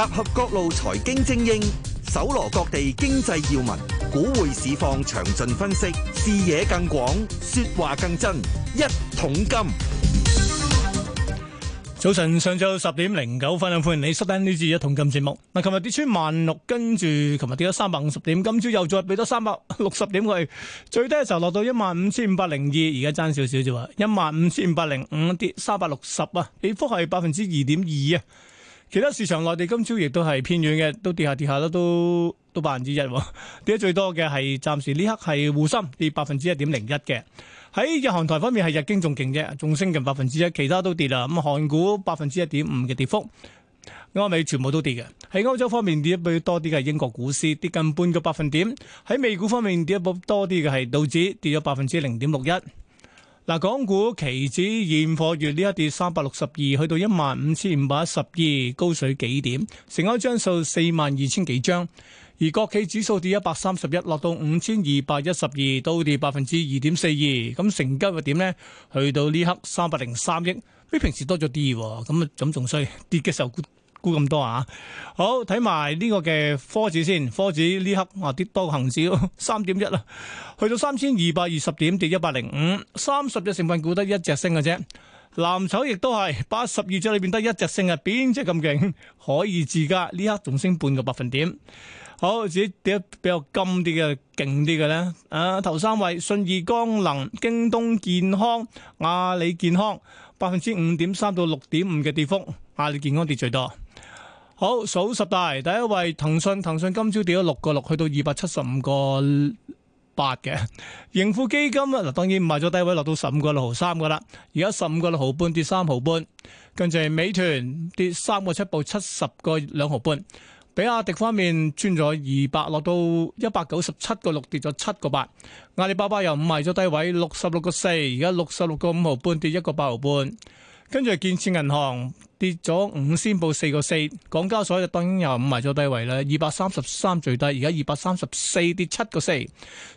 集合各路財經精英，搜羅各地經濟要聞，股匯市況詳盡分析，視野更廣，說話更真。一桶金，早晨，上晝十點零九分，歡迎你收聽呢節一桶金節目。嗱，琴日跌穿萬六，跟住琴日跌咗三百五十點，今朝又再俾多三百六十點，佢最低嘅時候落到一萬五千五百零二，而家爭少少啫嘛，一萬五千五百零五跌三百六十啊，跌幅係百分之二點二啊。其他市場，內地今朝亦都係偏軟嘅，都跌下跌下啦，都都百分之一，跌得最多嘅係暫時呢刻係滬深跌百分之一點零一嘅。喺日韓台方面係日經仲勁啫，仲升近百分之一，其他都跌啦。咁韓股百分之一點五嘅跌幅，歐美全部都跌嘅。喺歐洲方面跌一倍多啲嘅係英國股市跌近半個百分點。喺美股方面跌一倍多啲嘅係道指跌咗百分之零點六一。嗱，港股期指現貨月呢，一跌三百六十二，去到一萬五千五百一十二，高水幾點？成交張數四萬二千幾張。而國企指數跌一百三十一，落到五千二百一十二，都跌百分之二點四二。咁成交又點呢？去到呢刻三百零三億，比平時多咗啲喎。咁啊，咁仲衰，跌嘅時候。估咁多啊！好睇埋呢個嘅科指先，科指呢刻啊跌多恒指三點一啦，去到三千二百二十點跌一百零五，三十隻成分股得一隻升嘅啫。藍籌亦都係八十二隻裏邊得一隻升啊，邊隻咁勁？海爾智家呢刻仲升半個百分點。好，自己跌得比較金啲嘅，勁啲嘅咧，啊頭三位：信義光能、京東健康、阿里健康。百分之五點三到六點五嘅跌幅，阿里健康跌最多。好數十大，第一位騰訊，騰訊今朝跌咗六個六，去到二百七十五個八嘅盈富基金啦。嗱，當然唔係咗低位，落到十五個六毫三噶啦。而家十五個六毫半跌三毫半，跟住美團跌三個七報七十個兩毫半。比亞迪方面穿咗二百，落到一百九十七個六，跌咗七個八。阿里巴巴又唔係咗低位，六十六個四，而家六十六個五毫半，跌一個八毫半。跟住建設銀行。跌咗五仙報四個四，港交所就當然又五埋咗低位啦，二百三十三最低，而家二百三十四跌七個四，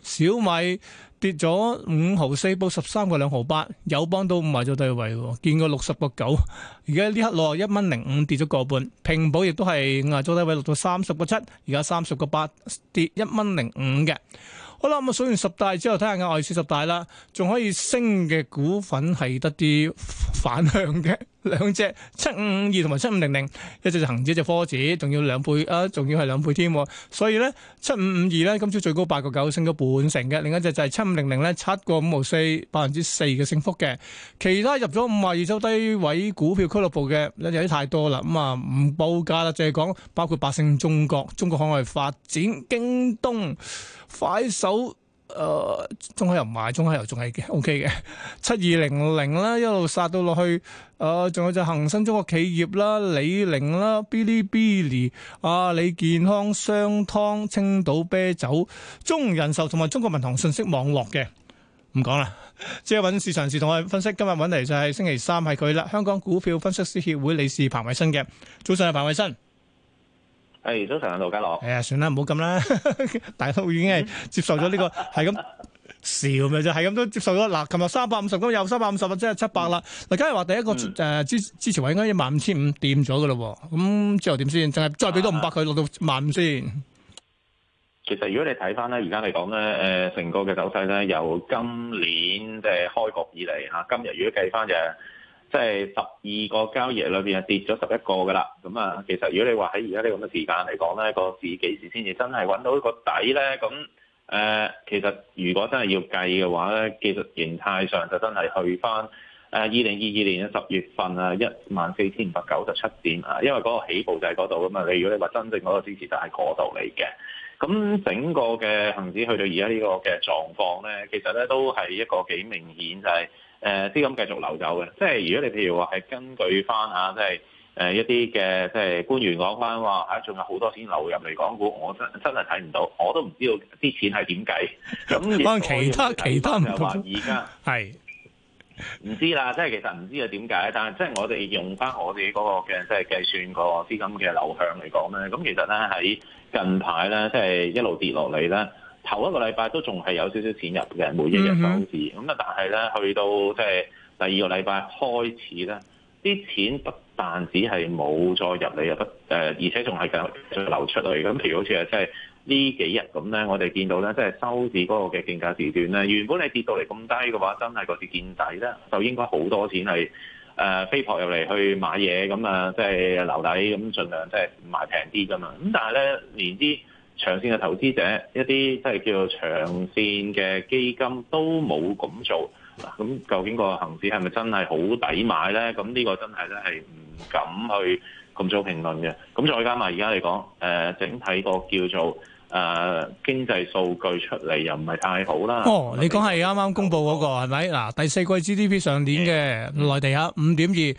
小米跌咗五毫四報十三個兩毫八，友邦都五埋咗低位，見過六十個九，而家呢刻落一蚊零五跌咗個半，平保亦都係五埋咗低位，落到三十個七，而家三十個八跌一蚊零五嘅。好啦，我數完十大之後，睇下額外四十大啦，仲可以升嘅股份係得啲。反向嘅兩隻七五五二同埋七五零零，只 500, 一隻就恆指，一隻科指，仲要兩倍啊，仲要係兩倍添。所以咧，七五五二咧今朝最高八個九，升咗半成嘅。另一隻就係七五零零咧，七個五毫四，百分之四嘅升幅嘅。其他入咗五十二周低位股票俱樂部嘅，有啲太多啦。咁啊，唔報價啦，就係講包括百勝中國、中國海外發展、京東、快手，誒、呃，中海油唔埋，中海油仲係 O K 嘅，七二零零啦，一路殺到落去。誒、呃，仲有隻恒生中國企業啦，李寧啦，b i l 嗶哩嗶哩，阿里健康，商湯，青島啤酒，中人壽同埋中國民航信息網絡嘅，唔講啦。即係搵市場人士同我哋分析，今日搵嚟就係星期三係佢啦。香港股票分析師協會理事彭偉新嘅，早上係彭偉新。誒，早晨啊，羅家樂。誒、哎，算啦，唔好咁啦，大都已經係接受咗呢、這個，係咁、嗯、笑咪就係咁都接受咗。嗱，琴日三百五十咁，又三百五十，即係七百啦。嗱，今日話第一個誒支、呃、支持位應該一萬五千五，掂咗噶啦。咁之後點先？淨係再俾多五百佢，落到萬五先。其實如果你睇翻咧，而家嚟講咧，誒，成個嘅走勢咧，由今年即係開局以嚟吓，今日如果計翻就。即係十二個交易裏邊係，跌咗十一個㗎啦。咁啊，其實如果你話喺而家呢咁嘅時間嚟講咧，個市幾時先至真係揾到一個底咧？咁誒、呃，其實如果真係要計嘅話咧，其實形態上就真係去翻誒二零二二年嘅十月份啊，一萬四千五百九十七點啊，因為嗰個起步就係嗰度㗎嘛。你如果你話真正嗰個支持就係嗰度嚟嘅，咁整個嘅恆指去到而家呢個嘅狀況咧，其實咧都係一個幾明顯就係、是。誒資金繼續流走嘅，即係如果你譬如話係根據翻嚇，即係誒、呃、一啲嘅即係官員講翻話嚇，仲、哎、有好多錢流入嚟港股，我真真係睇唔到，我都唔知道啲錢係點計。咁講其他其他而家係唔知啦，即係其實唔知啊點解？但係即係我哋用翻我哋嗰、那個嘅即係計算個資金嘅流向嚟講咧，咁其實咧喺近排咧，即係一路跌落嚟咧。頭一個禮拜都仲係有少少錢入嘅，每一日收市咁啊，但係咧去到即係第二個禮拜開始咧，啲錢不但止係冇再入嚟，又不誒、呃，而且仲係繼續流出嚟。咁譬如好似啊，即係呢幾日咁咧，我哋見到咧，即係收市嗰個嘅競價時段咧，原本你跌到嚟咁低嘅話，真係嗰次見底咧，就應該好多錢係誒、呃、飛撲入嚟去買嘢，咁啊即係留底咁，儘量即係賣平啲㗎嘛。咁但係咧，連啲長線嘅投資者，一啲即係叫做長線嘅基金都冇咁做，咁究竟個恆指係咪真係好抵買咧？咁呢個真係咧係唔敢去咁早評論嘅。咁再加埋而家嚟講，誒、呃、整體個叫做。誒、啊、經濟數據出嚟又唔係太好啦。哦，你講係啱啱公布嗰、那個係咪？嗱、嗯啊，第四季 GDP 上年嘅內地嚇五點二，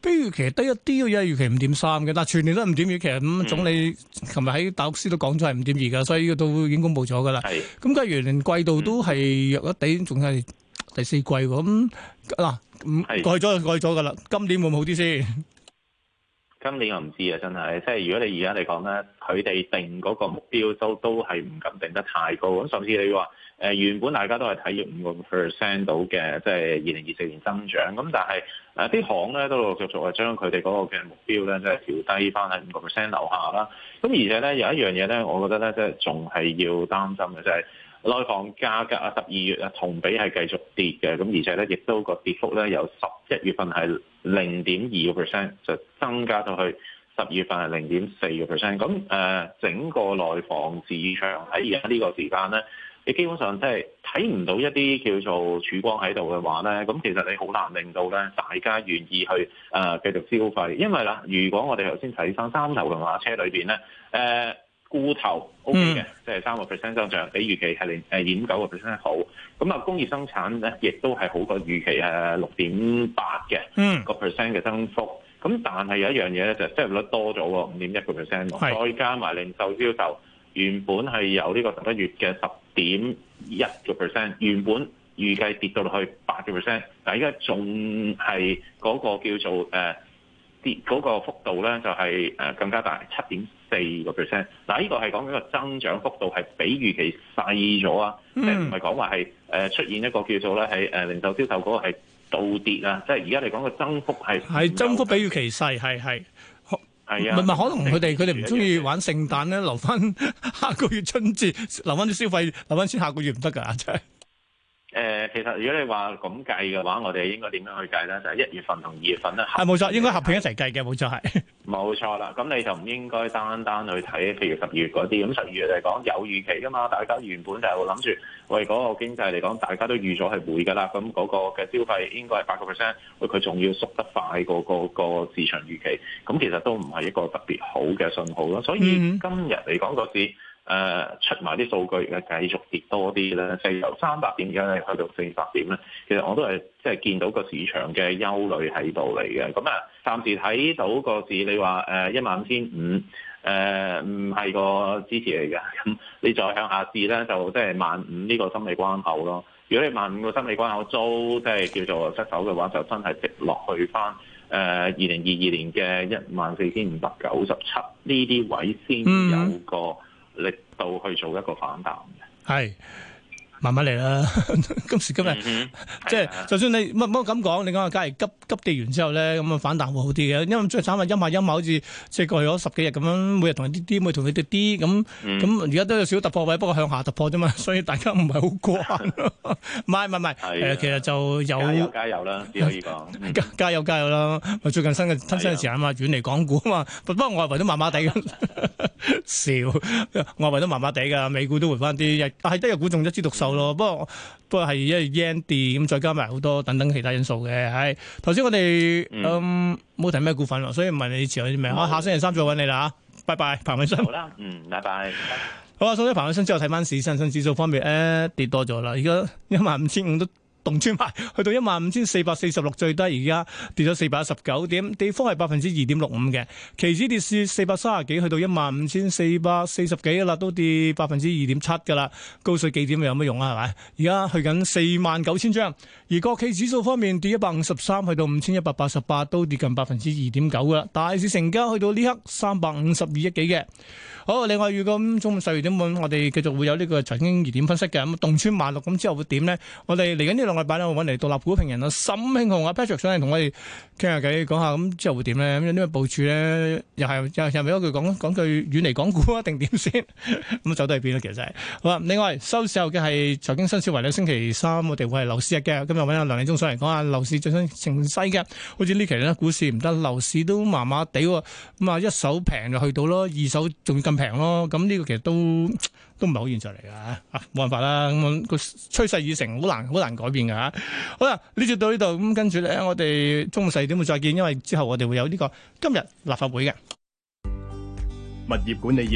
不如其期低一啲嘅，因為預期五點三嘅，但係全年都係五點二，其實咁、嗯嗯、總理琴日喺大屋師都講咗係五點二嘅，所以個都已經公布咗㗎啦。係是，咁假如季度都係弱一啲，仲係、嗯、第四季喎。咁、嗯、嗱，啊嗯、是改咗就改咗㗎啦。今年會唔好啲先？今年我唔知啊，真係，即係如果你而家嚟講咧，佢哋定嗰個目標都都係唔敢定得太高，咁甚至你話誒、呃、原本大家都係睇住五個 percent 到嘅，即係二零二四年增長，咁但係啊啲行咧都陸陸續續係將佢哋嗰個嘅目標咧，即係調低翻喺五個 percent 樓下啦。咁而且咧有一樣嘢咧，我覺得咧即係仲係要擔心嘅就係。即內房價格啊，十二月啊同比係繼續跌嘅，咁而且咧亦都個跌幅咧由十一月份係零點二個 percent，就增加到去十二月份係零點四個 percent。咁誒、呃、整個內房市場喺而家呢個時間咧，你基本上即係睇唔到一啲叫做曙光喺度嘅話咧，咁其實你好難令到咧大家願意去誒、呃、繼續消費，因為啦，如果我哋頭先睇翻三頭嘅馬車裏邊咧，誒、呃。固投 OK 嘅，即係三個 percent 增長，比預期係零誒點九個 percent 好。咁啊，工業生產咧，亦都係好過預期係六點八嘅個 percent 嘅增幅。咁但係有一樣嘢咧，就係失業率多咗喎，五點一個 percent，再加埋零售銷售，原本係有呢個十一月嘅十點一個 percent，原本預計跌到落去八個 percent，但係依家仲係嗰個叫做誒。Uh, 嗰個幅度咧就係誒更加大，七點四個 percent。嗱，呢個係講緊個增長幅度係比預期細咗啊，並唔係講話係誒出現一個叫做咧係誒零售銷售嗰個係倒跌啊，即係而家嚟講個增幅係係增幅比預期細，係係係啊，唔係可能佢哋佢哋唔中意玩聖誕咧，留翻下個月春節留翻啲消費，留翻先下個月唔得㗎，真係。誒、呃，其實如果你話咁計嘅話，我哋應該點樣去計呢？就係、係、一月份同二月份呢。係冇錯，併應該合併一齊計嘅，冇錯係。冇錯啦，咁你就唔應該單單去睇，譬如十二月嗰啲。咁十二月嚟講有預期噶嘛？大家原本就係諗住，喂嗰個經濟嚟講，大家都預咗係會噶啦。咁嗰個嘅消費應該係八個 percent，佢仲要縮得快過、個個市場預期。咁其實都唔係一個特別好嘅信號咯。所以今日嚟講個市。嗯誒出埋啲數據嘅，繼續跌多啲咧，係由三百點而家去到四百點咧，其實我都係即係見到個市場嘅憂慮喺度嚟嘅。咁啊，暫時睇到個市，你話誒一萬五千五誒唔係個支持嚟嘅。咁你再向下試咧，就即係萬五呢個心理關口咯。如果你萬五個心理關口租，即、就、係、是、叫做失守嘅話，就真係跌落去返誒二零二二年嘅一萬四千五百九十七呢啲位先有個。嗯力度去做一個反彈嘅，係慢慢嚟啦。 今時今日，即係就算你唔唔好咁講，你講啊，梗係急。急跌完之後咧，咁啊反彈會好啲嘅，因為最慘啊陰啊陰啊，好似即係過去咗十幾日咁樣，每日同佢跌啲，每同佢跌啲，咁咁而家都有少突破位，不過向下突破啫嘛，所以大家唔係好慣，唔係唔係，誒、哎、呀其，其實就有加油啦，可以講加油 加油啦，油 最近新嘅新嘅時間啊嘛，遠離港股啊嘛，不過外圍都咗麻麻地笑， 外圍都麻麻地噶，美股都回翻啲，但係都有股中一枝獨秀咯，不過。不過係因為 yen 跌，咁再加埋好多等等其他因素嘅。係，頭先我哋嗯，冇、嗯、提咩股份咯，所以唔問你持有啲咩？我、嗯、下星期三再揾你啦。吓，拜拜，彭偉新。好啦，嗯，拜拜。拜拜好啦，收咗彭偉新之後睇翻市，恒生指數方面咧、呃、跌多咗啦，而家一萬五千五都。動穿萬六，去到一萬五千四百四十六最低，而家跌咗四百一十九點，地方係百分之二點六五嘅，期指跌市四百三十幾，去到一萬五千四百四十幾啦，都跌百分之二點七噶啦，高水幾點有乜用啊？係咪？而家去緊四萬九千張，而國企指數方面跌一百五十三，去到五千一百八十八，都跌近百分之二點九噶啦。大市成交去到呢刻三百五十二億幾嘅，好，另外如果中午十二點半，我哋繼續會有呢、呢個財經熱點分析嘅，動穿萬六咁之後會點呢？我哋嚟緊呢度。我擺啦，我揾嚟獨立股評人啊，沈慶雄啊，Patrick 上嚟同我哋傾下偈，講下咁之後會點咧？咁呢個部署咧，又係又係咪嗰句講講句遠離港股啊，定點先？咁走到去邊啊？其實係好啦。另外收市後嘅係財經新思維咧，星期三我哋會係樓市日嘅，今日揾阿梁利忠上嚟講下樓市最新形勢嘅。好似呢期咧，股市唔得，樓市都麻麻地喎。咁啊，一手平就去到咯，二手仲要更平咯。咁呢個其實都。都唔係好現實嚟噶吓，冇、啊、辦法啦。咁、那個趨勢已成，好難好難改變噶吓、啊。好啦，呢節到呢度，咁跟住咧，我哋中午四點會再見，因為之後我哋會有呢、這個今日立法會嘅物業管理業。